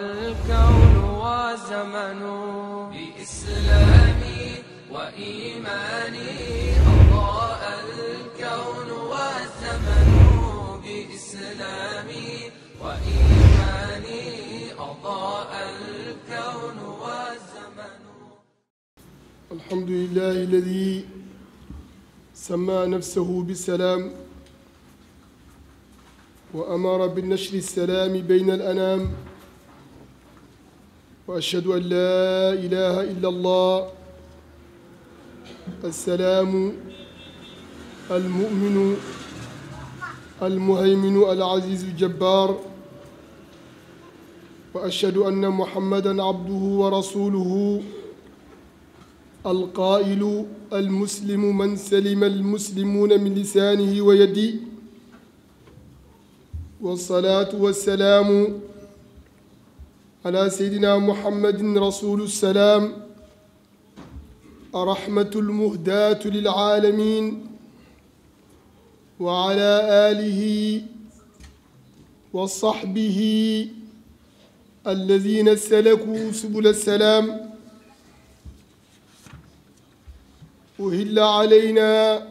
الكون وزمن بإسلامي وإيماني أضاء الكون والزمن بإسلامي وإيماني أضاء الكون والزمن الحمد لله الذي سمى نفسه بالسلام وأمر بالنشر السلام بين الأنام وأشهد أن لا إله إلا الله السلام المؤمن المهيمن العزيز الجبار وأشهد أن محمدا عبده ورسوله القائل المسلم من سلم المسلمون من لسانه ويده والصلاة والسلام على سيدنا محمد رسول السلام الرحمة المهداة للعالمين وعلى آله وصحبه الذين سلكوا سبل السلام أهل علينا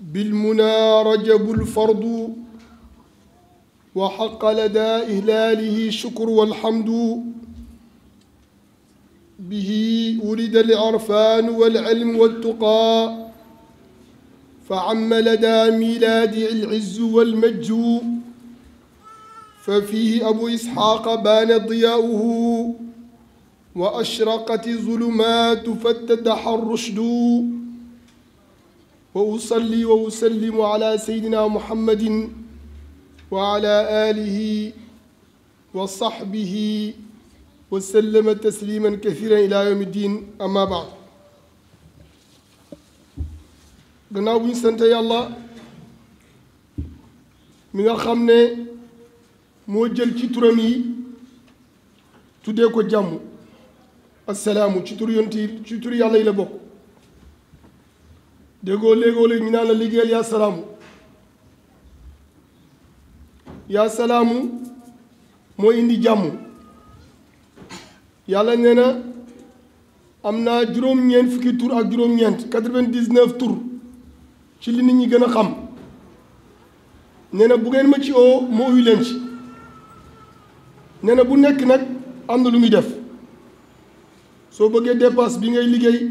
بالمنى رجب الفرض وحق لدى إهلاله الشكر والحمد به ولد العرفان والعلم والتقى فعم لدى ميلاد العز والمج ففيه أبو إسحاق بان ضياؤه وأشرقت الظلمات فاتضح الرشد وأصلي وأسلم على سيدنا محمد wa ala alihi wa sahbihi wa sallama tasliman kathiran ila yawmi din amma baad gannaaw bu ñu sant yàlla mi nga xam ne moo jël ci turam yi tuddee ko jàmm assalaamu ci tur yonent la bokk déggoo léegoo léegi ñu naan la liggéeyal salaamu yaa salaamu moo indi jàmm yàlla nee na am naa juróom-ñeent fukki tur ak juróom-ñeent vingt dix ci li nit ñi gën a xam nee na bu ngeen ma ci oo moo uyu leen ci nee bu nekk nag am na lu muy def soo bëggee dépasse bi ngay liggéey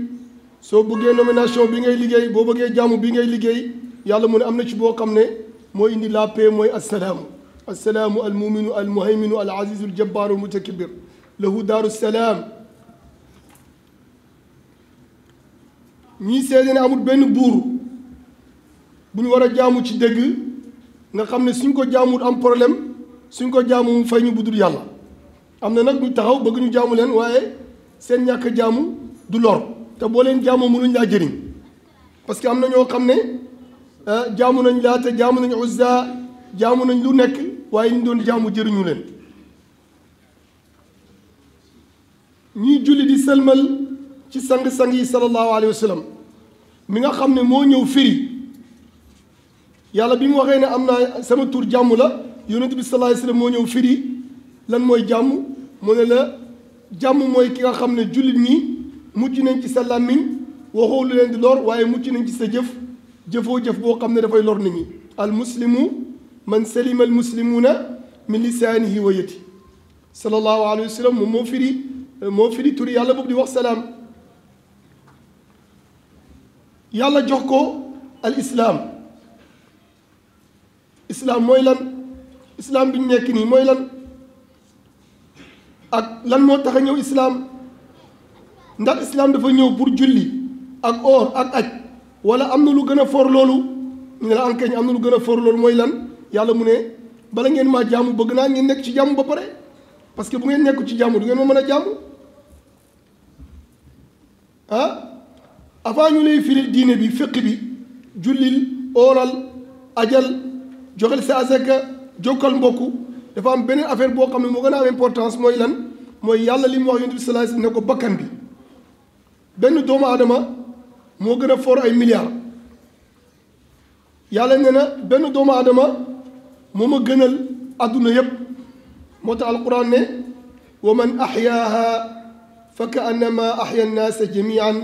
soo bëggee nomination bi ngay liggéey boo bëggee jàmm bi ngay liggéey yàlla mu ne am na ci boo xam ne moo indi la paix mooy assalaamu السلام المؤمن المهيمن العزيز الجبار المتكبر له دار السلام ñii seede ne amul benn buur bu ñu war a jaamu ci dëgg nga xam ne suñ ko jaamul am problème suñ ko jaamu mu fay ñu budul yàlla am na nag ñu taxaw bëgg ñu jaamu leen waaye seen ñàkk jaamu du lor te boo leen jaamoo mënuñ laa jëriñ parce que am na ñoo xam ne ah, jaamu nañ laata jaamu nañ uzza jaamu nañ lu nekk waaye ñu doon jaamu jëriñu leen ñuy julli di sëlmal ci sang-sang yi sallallahu alayhi wa sallam mi nga xam ne moo ñëw firi yàlla bi mu waxee ne am naa sama tuur jàmm la yonent bi sallallahu alayhi moo ñëw firi lan mooy jàmm moo ne la jàmm mooy ki nga xam ne jullit ñi mucc nañ ci sa làmmiñ waxoo lu leen di lor waaye mucc nañ ci sa jëf jëfoo jëf boo xam ne dafay lor nit ñi al man salima almuslimuuna min lisaanihi wa yati sallallahu alayhi wa sallam moom moo firi moo firi turi yàlla boobu di wax salaam yàlla jox ko al islaam islaam lan islaam bi ñu nekk nii mooy lan ak lan moo tax ñëw islaam ndax islaam dafa ñëw pour julli ak oor ak aj wala am na lu gën a for loolu ñu ne la ankañ am na lu gën a for loolu mooy lan yàlla mu ne bala ngeen maa jaamu bëgg naa ngeen nekk ci jàmm ba pare parce que bu ngeen nekk ci jaamu du ngeen ma mën a jaamu ah avant ñu lay firil diine bi fiq bi jullil ooral ajal joxel sa asaka jokkal mbokk dafa am beneen affaire boo xam ne moo gën a importance mooy lan mooy yàlla li mu wax yonent bi sallallahu alayhi ne ko bakkan bi benn doomu adama moo gën a foor ay milliards yàlla ne benn doomu aadama moo ma gënal adduna yépp moo tax alquran ne wa man axyaaha fa ka annama axya nnaasa jamian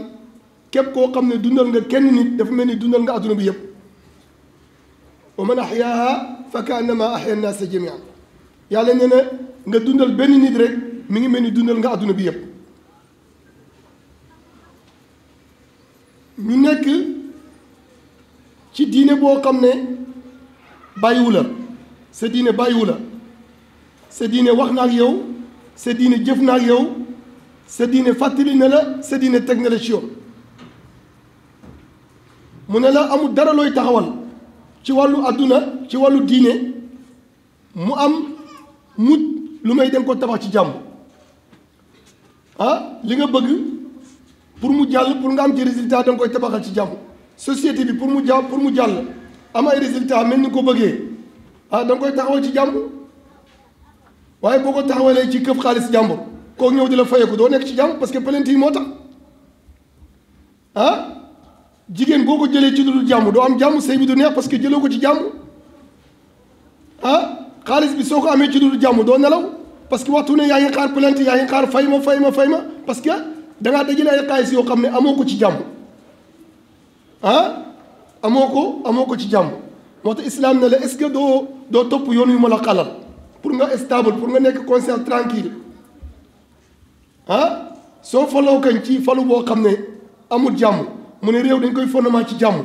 képp koo xam ne dundal nga kenn nit dafa mel ni dundal nga adduna bi yépp wa man axyaaha fa ka annama axya nnaasa jamian yàlla nee na nga dundal benn nit rek mi ngi mel ni dundal nga adduna bi yépp ñu nekk ci diine boo xam ne bàyyiwu la sa diine bàyyiwu la sa diine wax na ak yow sa diine jëf na ak yow sa diine fàttali na la sa diine teg na la ci yoon mu ne la amul dara looy taxawal ci wàllu àdduna ci wàllu diine mu am mut lu may dem ko tabax ci jàmm ah li nga bëgg pour mu jàll pour nga am ci résultat danga koy tabaxal ci jàmm société bi mu jàll pour mu jàll am ay résultat mel ni ko bëggee ah da nga koy taxawal ci jàmbur waaye boo ko taxawalee ci këf xaalis jàmbur kooku ñëw di la fayeeku doo nekk ci jàmbur parce que plainte yi moo tax ah jigéen boo ko jëlee ci lu dul jàmbur doo am jàmbur sëy bi du neex parce que jëloo ko ci jàmbur ah xaalis bi soo ko amee ci lu dul jàmbur doo nelaw parce que waxtu ne yaa ngi xaar plainte yaa ngi xaar fay ma fay ma fay parce que da ngaa dajale ay xaalis yoo xam ne amoo ko ci jàmbur ah amoo ko amoo ko ci jàmbur. moo tax islam ne la est-ce que doo doo topp yoon yu ma la xalal pour nga stable pour nga nekk conscience tranquille ah soo faloo kañ ci falu boo xam ne amul jàmm mu ne réew dañ koy fondement ci jàmm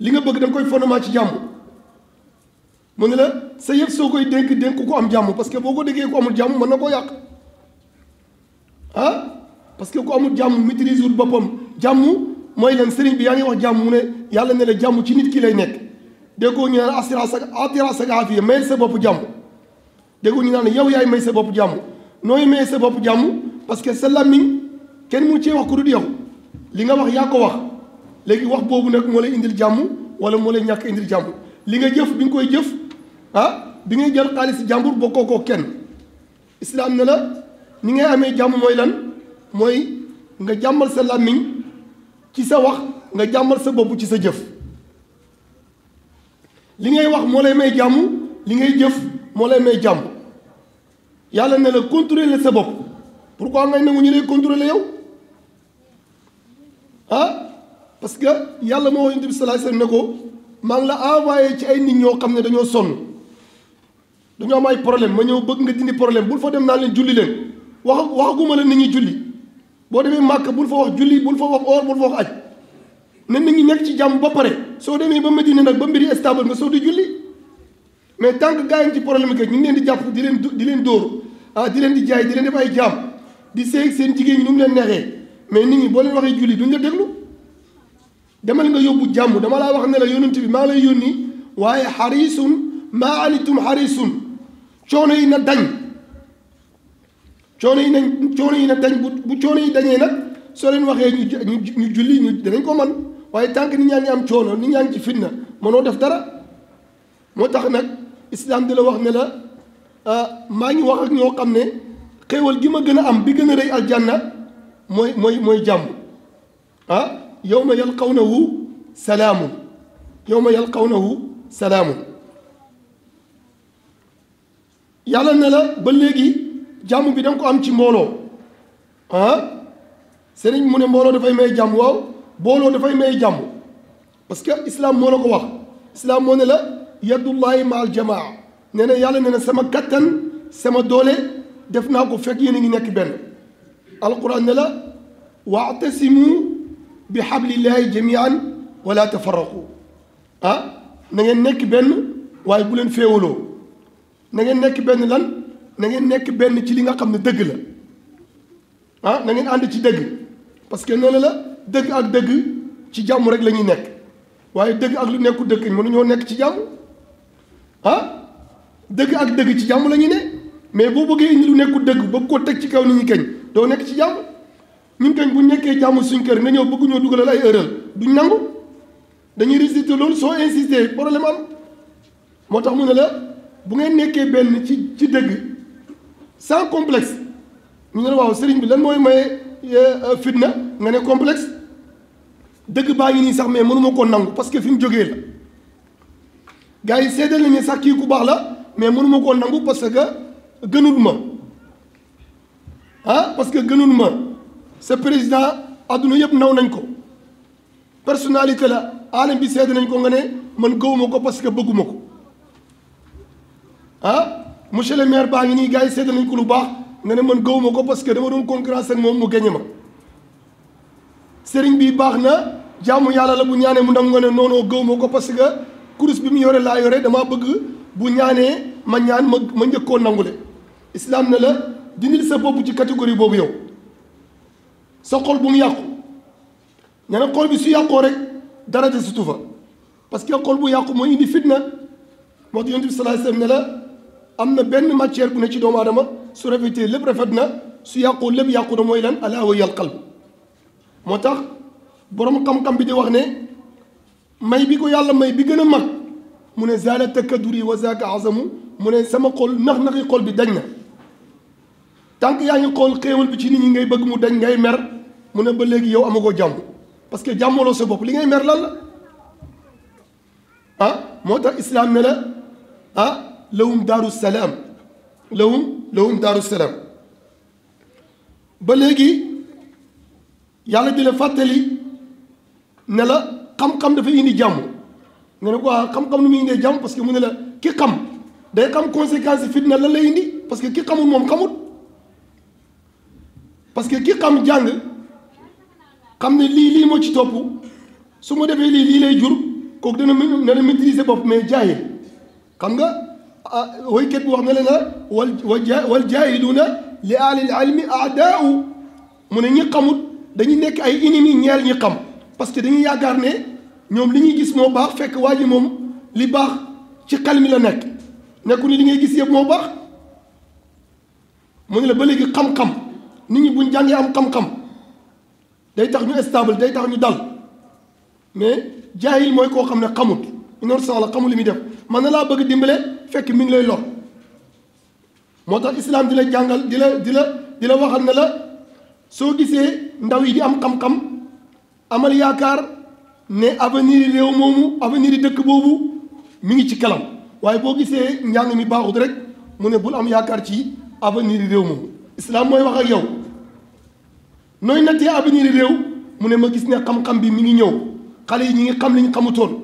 li nga bëgg dañ koy fondement ci jàmm mu ne la sa yëf soo koy dénk dénk ko am jàmm parce que boo ko déggee ko amul jàmm mën na koo yàq ah parce que ku amul jàmm maîtrise wul boppam jàmm mooy leen sëriñ bi yaa ngi wax jàmm mu yàlla ne la jàmm ci nit ki lay nekk déggoo ñu naan assurance ak assurance sa aafiya mayal sa bopp jàmm déggoo ñu naan yow yaay may sa bopp jàmm nooy may sa bopp jàmm parce que sa làmmiñ kenn mu cee wax ku dul yow li nga wax yaa ko wax léegi wax boobu nag moo lay indil jàmm wala moo lay ñàkk indil jàmm li nga jëf bi nga koy jëf ah bi ngay jël xaalis jàmbur bokkoo ko kenn islaam ne la ni ngay amee jàmm mooy lan mooy nga jàmmal sa làmmiñ ci sa wax nga jàmmal sa bopp ci sa jëf li ngay wax moo lay may jàmm li ngay jëf moo lay may jàmm yàlla ne la contrôler sa bopp am ngay nangu ñu lay contrôler yow ah parce que yàlla moo yonent di sallallahu alayhi wasallam ne ko maa ngi la envoyé ci ay nit ñoo xam ne dañoo sonn dañoo am ay problème ma ñëw bëgg nga dindi problème bul fa dem naa leen julli leen wax waxaguma la nit ñi julli boo demee màkk bul fa wax julli bul fa wax oor bul fa wax aj ne nit ngi nekk ci jàmm ba pare soo demee ba Medina nag ba mbiri stable nga soo di julli mais tant que gars yi ci problème que ñu ngi leen di jàpp di leen di leen dóor ah di leen di jaay di leen def ay jaam di seeg seen jigéen ñi nu mu leen neexee mais nit boo leen waxee julli duñ la déglu demal nga yóbbu jàmm dama laa wax ne la yónnent bi maa lay yónni waaye xarisun maa anitum xarisun coono yi na dañ coono yi nañ coono yi na dañ bu bu coono yi dañee nag soo leen waxee ñu ñu julli ñu danañ ko man waaye tant que nit ñaa ngi am coono nit ngi ci fitna mënoo def dara moo tax nag islam di la wax nela la ah, maa ngi wax ak ñoo xam ne xéewal gi ma gën a am bi gën a rëy aljanna mooy mooy mooy jàmm ah yow ma yalqawnahu salaamun yow ma yalqawnahu salaamun yàlla ne la ba léegi jàmm bi danga ko am ci mbooloo ah sëriñ mu ne mbooloo dafay may jàmm waaw booloo dafay may jàmm parce que islam moo la ko wax islam moo ne la yadullahi ma aljamaa nee na yàlla nee na sama kattan sama doole def naa ko fekk yéen a ngi nekk benn alquran ne la waatasimu bi hablillahi jamian wala tafarraqu ah na ngeen nekk benn waaye bu leen féewaloo na ngeen nekk benn lan na ngeen nekk benn ci li nga xam ne dëgg la ah, na ngeen ànd ci dëgg parce que noonu la dëgg ak dëgg ci jàmm rek la ñuy nekk waaye dëgg ak lu nekku dëgg mënuñoo nekk ci jàmm ah dëgg ak dëgg ci jàmm la ñuy ne mais boo bëggee indi lu nekku dëgg bëgg koo teg ci kaw nit ñu kañ doo nekk ci jàmm ñun kañ bu ñu nekkee jàmm suñ kër nga ñëw bëgg ñoo dugalal ay erreur duñ nangu dañuy résister loolu soo insister problème am moo tax mu ne la bu ngeen nekkee benn ci ci dëgg sans complexe ñu ne la waaw sëriñ bi lan mooy maye Euh, fitna nga ne complexe dëgg baa ngi nii sax mais mënuma koo nangu parce que fi mu jógee la gars yi seedal nañu sax kii ku baax la mais mënuma koo nangu parce que gënul ma ah parce que gënul ma sa président adduna yëpp naw nañ ko personnalité la alam bi seede nañ ko nga ne man gëwuma ko parce que bëgguma ko ah monsieur le maire baa ngi nii gars yi seedal nañ ko lu baax nga ne man gawuma ko parce que dama doon concurrence ak moom mu gañe ma sëriñ bi baax na jaamu yàlla la bu ñaanee mu ndam nga ne noonoo gawuma ko parce que kurus bi mu yore laa yore damaa bëgg bu ñaanee ma ñaan ma ma njëkkoon nangule islaam ne la dindil sa bopp ci catégorie boobu yow sa xol bu mu yàqu nee na xol bi su yàqoo rek dara de sutu fa parce que xol bu yàqu mooy indi fitna moo tax yonent bi sallallahu ne la am na benn matière bu ne ci doomu aadama su rafetee lépp rafet na su yàqu lépp yàqu na mooy lan alaa wa yal moo tax boroom xam-xam bi di wax ne may bi ko yàlla may bi gën a mag mu ne zaala takaduri wa zaaka azamu mu ne sama xol nax-naxi xol bi dañ na tant yaa ngi xool xéewal bi ci nit ñi ngay bëgg mu dañ ngay mer mu ne ba léegi yow amagoo jàmm parce que jàmmaloo sa bopp li ngay mer lan la ah moo tax islaam ne la ah lawum daaru salaam lawum lawuñ daaru ba léegi yàlla di la fàttali ne la xam dafa indi jàmm nga ne ko ah, xam-xam nu muy indee jàmm parce mu ne la ki xam day xam conséquence fitna lan la indi parce que ki xamul moom xamut parce que ki xam jàng xam ne lii lii moo ci topp su ma defee lii lii lay jur kooku dana dana maîtriser bopp mais jaayee xam woykat bi wax na leen na wal wal jaahiluuna li ahlil ilmi aadaau mu ne ñi xamut dañu nekk ay ennemis ñeel ñi xam parce que dañuy yaakaar ne ñoom li ñuy gis moo baax fekk waa ji moom li baax ci xel mi la nekk nekku ni li ngay gis yëpp moo baax mu ne la ba léegi xam-xam nit ñi buñ jàngee am xam-xam day tax ñu stable day tax ñu dal mais jaahil mooy koo xam ne xamut inoor sax la xamul li muy def man na laa bëgg dimbale fekk mi ngi lay lor moo tax islam di la jàngal di la di la di la waxal ne la soo gisee ndaw yi di am xam-xam amal yaakaar ne avenir yi réew moomu avenir yi dëkk boobu mi ngi ci kanam waaye boo gisee njàng mi baaxut rek mu ne bul am yaakaar ci avenir yi réew moomu islam mooy wax ak yow nooy nattee avenir yi réew mu ne ma gis ne xam-xam bi mi ngi ñëw xale yi ñi ngi xam li ñu xamutoon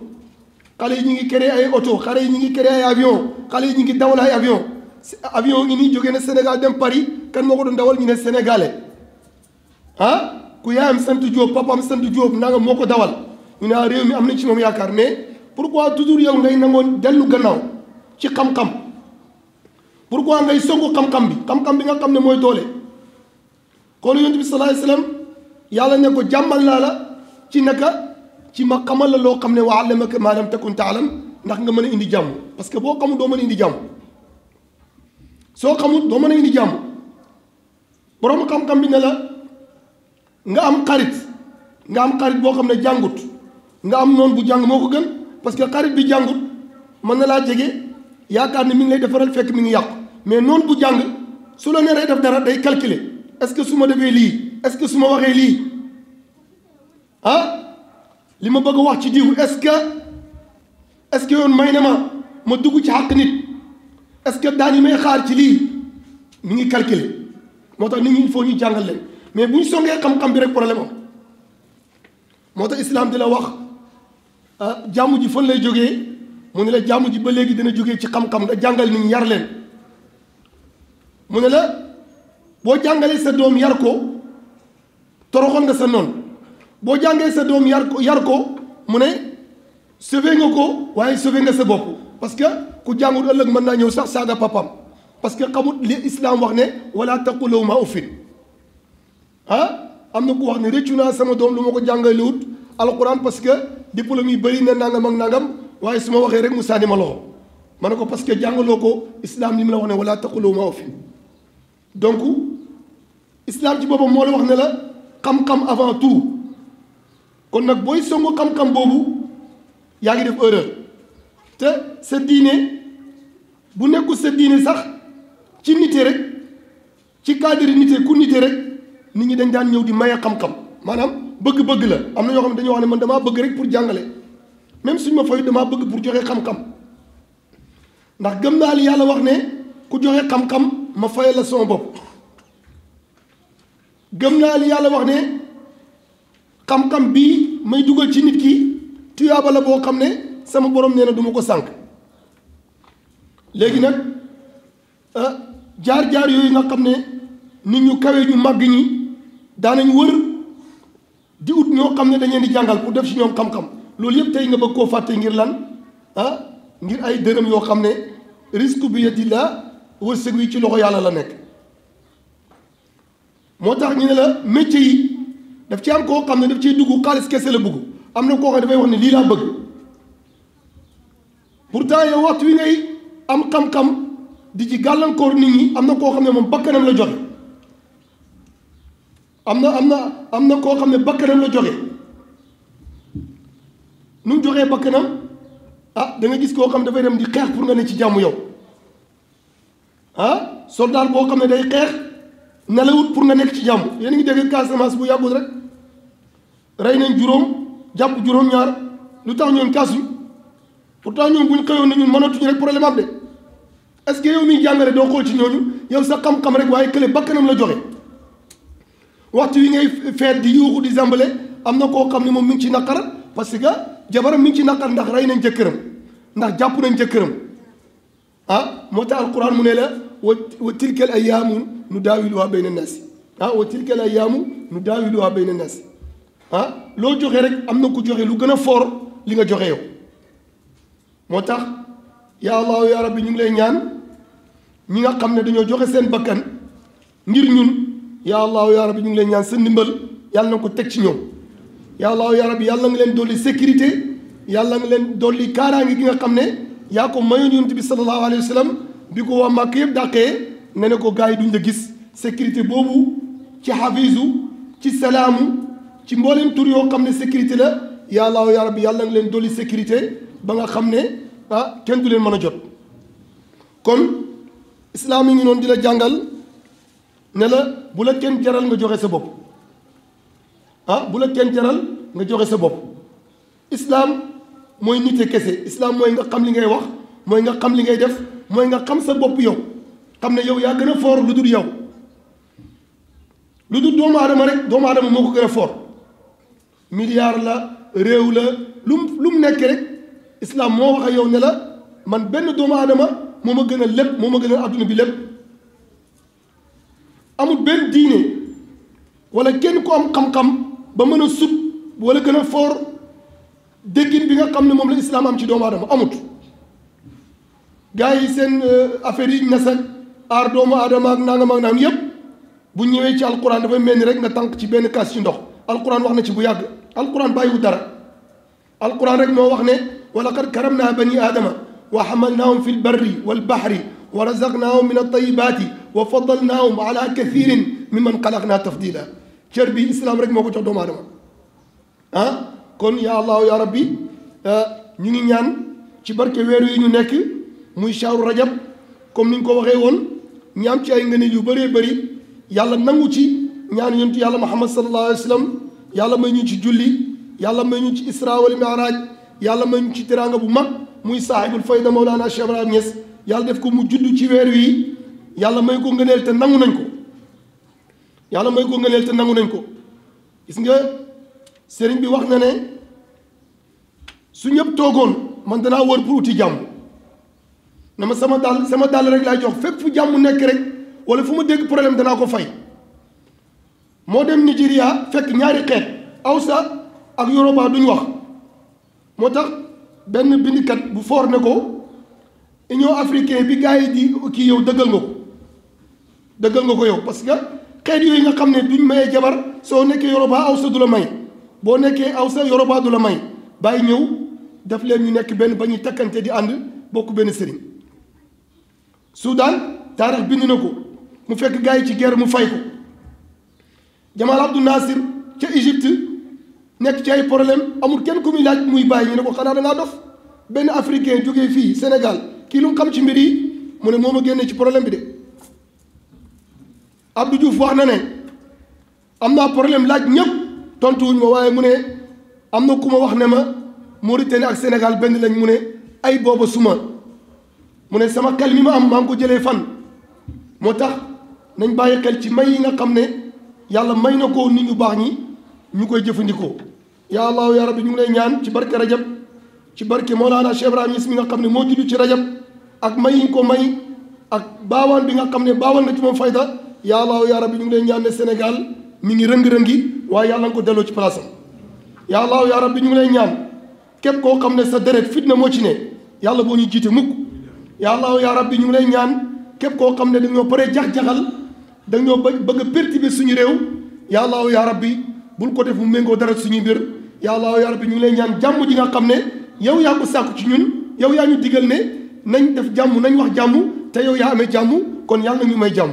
xale yi ñu ngi créé ay oto xale yi ñu ngi créé ay avion xale yi ñu ngi dawal ay avion avion ngi nii jógee na Sénégal dem Paris kan moo ko doon dawal ñu ne sénégalais ah ku yaayam sant Diop papaam sant Diop nanga moo ko dawal ñu ne ah, réew mi am na ci moom yaakaar mais pourquoi toujours yow ngay nangoon dellu gannaaw ci xam-xam pourquoi ngay songu xam-xam bi xam bi nga xam ne mooy doole kon yonent bi sallallahu alayhi wasallam yàlla ne ko jàmmal naa la ci naka ci ma xamal la loo xam ne waa allamaka maa lam takun lan ndax nga mën a indi jàmm parce que boo xamul doo mën a indi jàmm soo xamul doo man a indi jàmm borom xam-xam bi ne la nga am xarit nga am xarit boo xam ne jàngut nga am noon bu jàng moo ko gën parce que xarit bi jàngut mën na laa jege yaakaar ne mu ngi lay defaral fekk mu ngi yàqu mais noonu bu jàng su la neree def dara day calculer est-ce que su ma defee lii est-ce que su ma waxee lii ah. li ma bëgg wax ci diw est-ce que est-ce que yoon may na ma ma dugg ci xàq nit est-ce que daan yi may xaar ci lii mi ngi calculer moo tax nit ngi il faut ñu jàngal leen mais bu ñu songee xam bi rek problème am moo tax islam di la wax ah, jàmm ji fan lay jógee mu ne la jàmm ji ba léegi dina jóge ci xam-xam nga jàngal nit ñi yar leen mu ne la boo jàngalee sa doom yar ko toroxoon nga sa noon boo jàngee sa doom yar ko yar ko mu ne sauvé nga ko waaye sauvé nga sa bopp parce que ku jàngul ëllëg mën naa ñëw sax saaga papam parce que xamut li islam wax ne wala taqul lahumaa uffin ah am na ku wax ne rëccu naa sama doom lu ma ko jàngalewut alquran parce que diplôme yi bëri na nangam ak nangam waaye su ma waxee rek mu sànni ma loxo ma ne ko parce que jàngaloo ko islam li mu la wax ne wala taqul lahumaa uffin donc islam ci boppam moo la wax ne la xam avant tout. kon nag booy songu xam-xam boobu yaa ngi def erreur te sa bu nekkul sa sax ci nite rek ci cadre nite ku nite rek nit ñi dañ daan ñëw di maye xam-xam maanaam bëgg-bëgg la am na ñoo xam ne dañoo wax ne man damaa bëgg rek pour jàngale même suñ ma fay damaa bëgg pour joxe xam-xam ndax gëm naa li yàlla wax ne ku joxe xam-xam ma fayal la soma bopp gëm naa li yàlla wax ne. xam-xam bii may dugal ci nit ki tuyaaba la boo xam ne sama borom nee na duma ko sànq léegi nag ah, jaar-jaar yooyu nga xam ne nit ñu kawe ñu màgg ñi daanañ wër di ut ñoo xam ne dañ leen di jàngal pour def ci ñoom xam-xam loolu yëpp tey nga bëgg koo fàtte ngir lan ah, ngir ay dërëm yoo xam ne risque bi yadillah wërsëg wi ci loxo yàlla la nekk moo tax ñu ne la métier yi. def ci am koo xam ne daf ciy dugg xaalis kese la bëgg am na koo xam dafay wax ne lii laa bëgg pourtant waxtu wi ngay am xam-xam di ci gàllankoor ni ñi am na koo xam ne moom bakkanam la joxe am na am na am na koo xam ne bakkanam la joxe nu mu joxee bakkanam ah da nga gis koo xam dafay dem di xeex pour nga ne ci jàmm yow ah soldat boo xam ne day xeex nelawut pour nga nekk ci jàmm yéen a ngi dégg Casamance bu yàggul rek. ray nañ juróom jàpp juróom-ñaar lu tax ñoom kaasuñ pourtant ñoom bu ñu xëyoon ne ñun mënatuñu rek problème am de est que yow miy jàngale doo xool ci ñooñu yow sa xam-xam rek waaye kële bakkanam la joxe waxtu yi ngay feet di yuuxu di zambale am na koo xam ne moom mi ngi ci naqar parce que jabaram mi ngi ci naqar ndax ray nañ jëkkëram ndax jàpp nañ jëkkëram ah moo tax alquran mu ne la wa wa tilkal ayyaamu nu daawiluha bayna naas ah wa tilkal ayyaamu nu daawiluha bayna naas ah loo joxe rek am na ku joxe lu gën a foor li nga joxe yow moo tax yaa allahu yaa rabbi ñu ngi lay ñaan ñi nga xam ne dañoo joxe seen bakkan ngir ñun yaa allahu yaa rabbi ñu ngi lay ñaan sa ndimbal yàlla na ko teg ci ñoom yaa allahu yaa rabbi yàlla nga leen dolli sécurité yàlla nga leen dolli kaaraange gi nga xam ne yaa ko mayoon yonent bi sallallahu alayhi wa sallam bi ko waa màkk yëpp dàqee ne ne ko gars yi duñ la gis sécurité boobu ci xafiisu ci salaamu ci mbooleem tur yoo xam ne sécurité la yàllaaw yaa rabbi yàlla nga leen dolli sécurité ba nga xam ne ah, kenn du leen mën a jot kon islaam yi ngi noonu di la jàngal ne la bu la kenn jaral nga joxe sa bopp ah bu la kenn jaral nga joxe sa bopp islaam mooy nite kese islaam mooy nga xam li ngay wax mooy nga xam li ngay def mooy nga xam sa bopp yow xam ne yow yaa gën a foor lu dul yow lu dul doomu aadama rek doomu aadama moo ko gën a foor milliard la réew la lu mu lu nekk rek islam moo wax ak yow ne la man benn doomu aadama moom a gën a lépp moom ma gën a adduna bi lépp amut benn diine wala kenn ku am xam-xam ba mën a sut walla gën a foor déggin bi nga xam ne moom la islam am ci doomu aadama amut gars yi seen euh, affaire yi nasal aar doomu aadama ak nangam ak naan yëpp bu ñëwee ci alquran dafay mel ni rek nga tànk ci benn kaas ci ndox alquran wax na ci bu yàgg alquran bàyyiwu dara alquran rek moo wax ne wa laqad karamna bani aadama wa hamalnaahum fi lbarri walbahri wa razaqnaahum min altayibaati wa faddalnaahum ala kathirin mimman xalaqna tafdila cër bi islam rek moo ko jox doomu aadama ah kon ya allahu ya rabbi ah, ñu ngi ñaan ci barke weer yi ñu nekk muy shaaru rajab comme ni ñu ko waxee woon ñaam ci ay ngëneel yu bëree bëri yàlla nangu ci ñaan yonent yàlla muhammad sallallahu alayhi wa sallam yàlla may ñu ci julli yàlla may ñu ci isra wal yàlla may ñu ci teraanga bu mag muy saahibul fayda Mawlana Cheikh Ibrahima Niass yàlla def ko mu judd ci weer wi yàlla may ko ngëneel te nangu nañ ko yàlla may ko ngëneel te nangu nañ ko gis nga sëriñ bi wax na ne su ñëpp toogoon man danaa wër pour uti jàmm na ma sama dàll sama dàll rek laay jox fépp fu jàmm nekk rek wala fu ma dégg problème danaa ko fay moo dem Nigéria fekk ñaari xeet Hausa ak Yoruba duñ wax moo tax benn bindikat bu foor ne ko Union africaine bi gars yi di kii yow dëggal nga ko dëggal nga ko yow parce que xeet yooyu nga xam ne duñ mayee jabar soo nekkee Yoruba Hausa du la may boo nekkee Hausa Yoruba du la may bàyyi ñëw def leen ñu nekk benn ba ñuy takkante di ànd bokk benn sëriñ Soudan taarix bind na ko mu fekk gars yi ci ger mu fay ko Jamal Abdou Nasir ca Égypte nekk ci ay problème amul kenn ku muy laaj muy bàyyi ñu ne ko xanaa da ngaa dof benn africain jógee fii Sénégal kii lu mu xam ci mbir yi mu ne moom a génne ci problème bi de Abdou Diouf wax na ne am naa problème laaj tontu tontuwuñ ma waaye mu ne am na ku ma wax ne ma Mauritanie ak Sénégal benn lañ mu ne ay booba suma mu ne sama xel mi ma am maa ngi ko jëlee fan moo tax nañ bàyyi xel ci may yi nga xam ne yàlla may na ko nit ñu baax ñi ñu koy jëfandikoo yaa allahu yaa rabbi ñu ngi lay ñaan ci barke rajab ci barke Mawlana Cheikh Ibrahima Niass mi nga xam ne moo juddu ci rajab ak may yi ko may ak baawan bi nga xam ne baawaan na ci moom fayda yàlla allahu yaa bi ñu ngi lay ñaan ne Sénégal mi ngi rëngi-rëngi waaye yàlla nga ko delloo ci place am yaa allahu yaa ñu ngi lay ñaan képp koo xam ne sa deret fitna moo ci ne yàlla boo ñu jiite mukk yaa allahu yaa rabbi ñu ngi lay ñaan képp koo xam ne dañoo pare jax-jaxal dañoo bëgg a perturber suñu réew ya Allahu ya rabbi bul ko def mu méngoo dara suñu mbir ya Allahu ya rabbi ñu ngi lay ñaan jàmm di nga xam ne yow yaa ko sàkku ci ñun yow yaa ñu digal ne nañ def jàmm nañ wax jàmm te yow yaa amee jàmm kon yàlla ñu may jàmm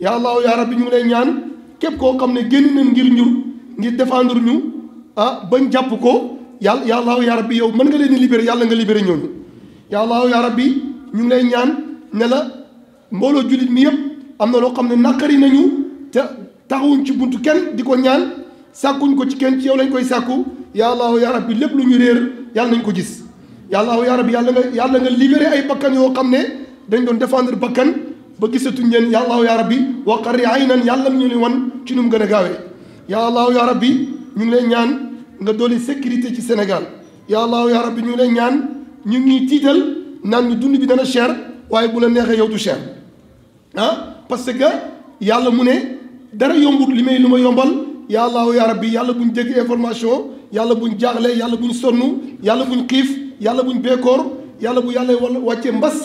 ya Allahu ya rabbi ñu ngi ñaan képp koo xam ne génn nañ ngir ñur ngir défendre ñu ah bañ jàpp ko yàlla ya Allahu ya rabbi yow mën nga leen di libéré yàlla nga libéré ñooñu ya laaw ya rabbi ñu ngi ñaan ne mbooloo jullit mi yëpp am na loo xam ne naqari nañu te taxawuñ ci buntu kenn di ko ñaan sàkkuñ ko ci kenn ci yow lañ koy sàkku ya allahu bi lépp lu ñuy réer yàlla nañ ko gis ya allahu ya rabbi yàlla nga yàlla nga libéré ay bakkan yoo xam ne dañ doon défendre bakkan ba gisatuñ leen ya allahu ya rabbi wa qarri aynan yàlla ñu ne wan ci nu mu gën a gaawee ya allahu bi ñu ngi lay ñaan nga dooli sécurité ci Sénégal ya allahu bi ñu ngi lay ñaan ñu ngi tiital naan ñu dund bi dana cher waaye bu la neexee yow du cher ah parce que yàlla mu ne dara yombut li may lu ma yombal yaa Allaahu yaa rabbi yàlla buñ dégg information yàlla buñ jaaxle yàlla buñ sonn yàlla buñ xiif yàlla buñ beekoor yàlla bu yàlla wàcce mbas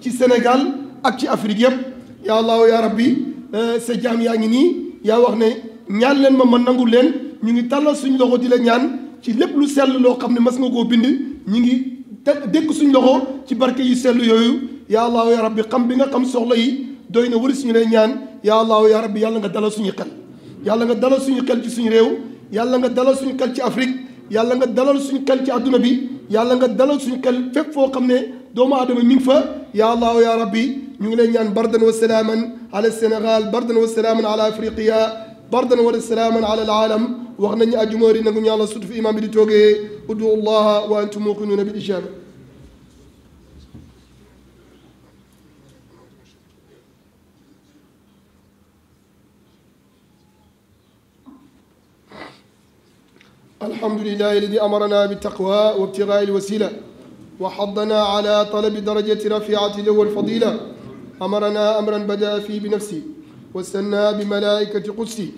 ci Sénégal ak ci Afrique yëpp yaa Allaahu yaa rabbi euh, sa jaam yaa ngi nii yaa wax ne ñaan leen ma ma nangu leen ñu ngi tàllal suñ loxo di la ñaan ci lépp lu sell loo xam ne mas nga koo bind ñu ngi te dékk suñ loxo ci barke yu sell yooyu yaa Allaahu yaa rabbi xam bi nga xam soxla yi doy na wëri suñu lay ñaan yaa allahu yaa rabbi yàlla nga dalal suñu xel yàlla nga dalal suñu xel ci suñu réew yàlla nga dalal suñu xel ci Afrique yàlla nga dalal suñu xel ci àdduna bi yàlla nga dalal suñu xel fépp foo xam ne doomu aadama mi ngi fa yaa allahu yaa rabbi ñu ngi lay ñaan bardan wa salaaman ala sénégal bardan wa salaaman ala afriqiya bardan wa salaaman ala alaalam wax nañu ajumóori nangu ñu yàlla sut fi imam bi di toogee udu allaha wa antum muqinuuna bil ijaaba الحمد لله الذي أمرنا بالتقوى وابتغاء الوسيلة وحضنا على طلب درجة رفيعة له الفضيلة أمرنا أمرا بدأ فيه بنفسي واستنى بملائكة قدسي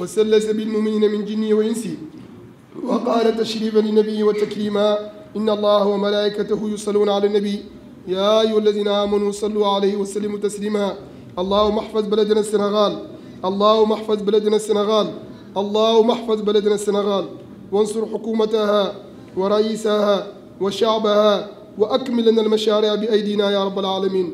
وسلس بالمؤمنين من جني وإنسي وقال تشريفا للنبي وتكريما إن الله وملائكته يصلون على النبي يا أيها الذين آمنوا صلوا عليه وسلموا تسليما اللهم احفظ بلدنا السنغال اللهم احفظ بلدنا السنغال اللهم احفظ بلدنا السنغال وانصر حكومتها ورئيسها وشعبها وأكمل لنا المشاريع بأيدينا يا رب العالمين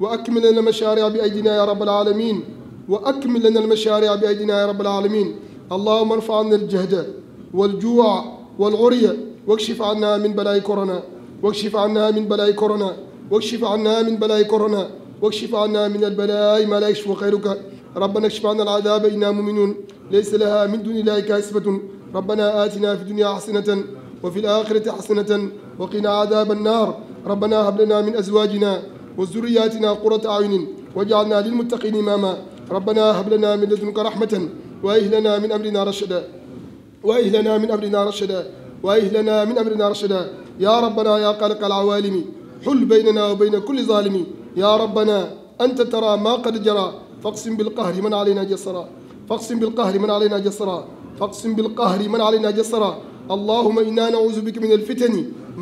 وأكمل لنا المشاريع بأيدينا يا رب العالمين وأكمل لنا المشاريع بأيدينا يا رب العالمين اللهم ارفع عنا الجهد والجوع والعري واكشف عنا من بلاء كورونا واكشف عنا من بلاء كورونا واكشف عنا من بلاء كورونا واكشف عنا من البلاء ما لا يكشف غيرك ربنا اكشف عنا العذاب إنا مؤمنون ليس لها من دون الله كاسبة ربنا آتنا في الدنيا حسنة وفي الآخرة حسنة وقنا عذاب النار ربنا هب لنا من أزواجنا وذرياتنا قرة أعين واجعلنا للمتقين إماما ربنا هب لنا من لدنك رحمة وأهلنا من أمرنا رشدا وأهلنا من أمرنا رشدا وأهلنا من أمرنا رشدا يا ربنا يا قلق العوالم حل بيننا وبين كل ظالم يا ربنا أنت ترى ما قد جرى فاقسم بالقهر من علينا جسرا فاقسم بالقهر من علينا جسرا فاقسم بالقهر من علينا جسرا اللهم إنا نعوذ بك من الفتن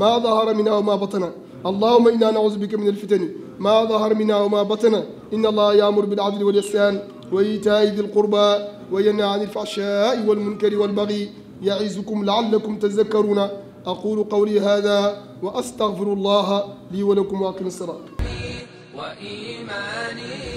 ما ظهر منها وما بطن اللهم إنا نعوذ بك من الفتن ما ظهر منها وما بطن إن الله يأمر بالعدل والإحسان وإيتاء ذي القربى وينهى عن الفحشاء والمنكر والبغي يعظكم لعلكم تذكرون أقول قولي هذا وأستغفر الله لي ولكم وأقم الصلاة وإيماني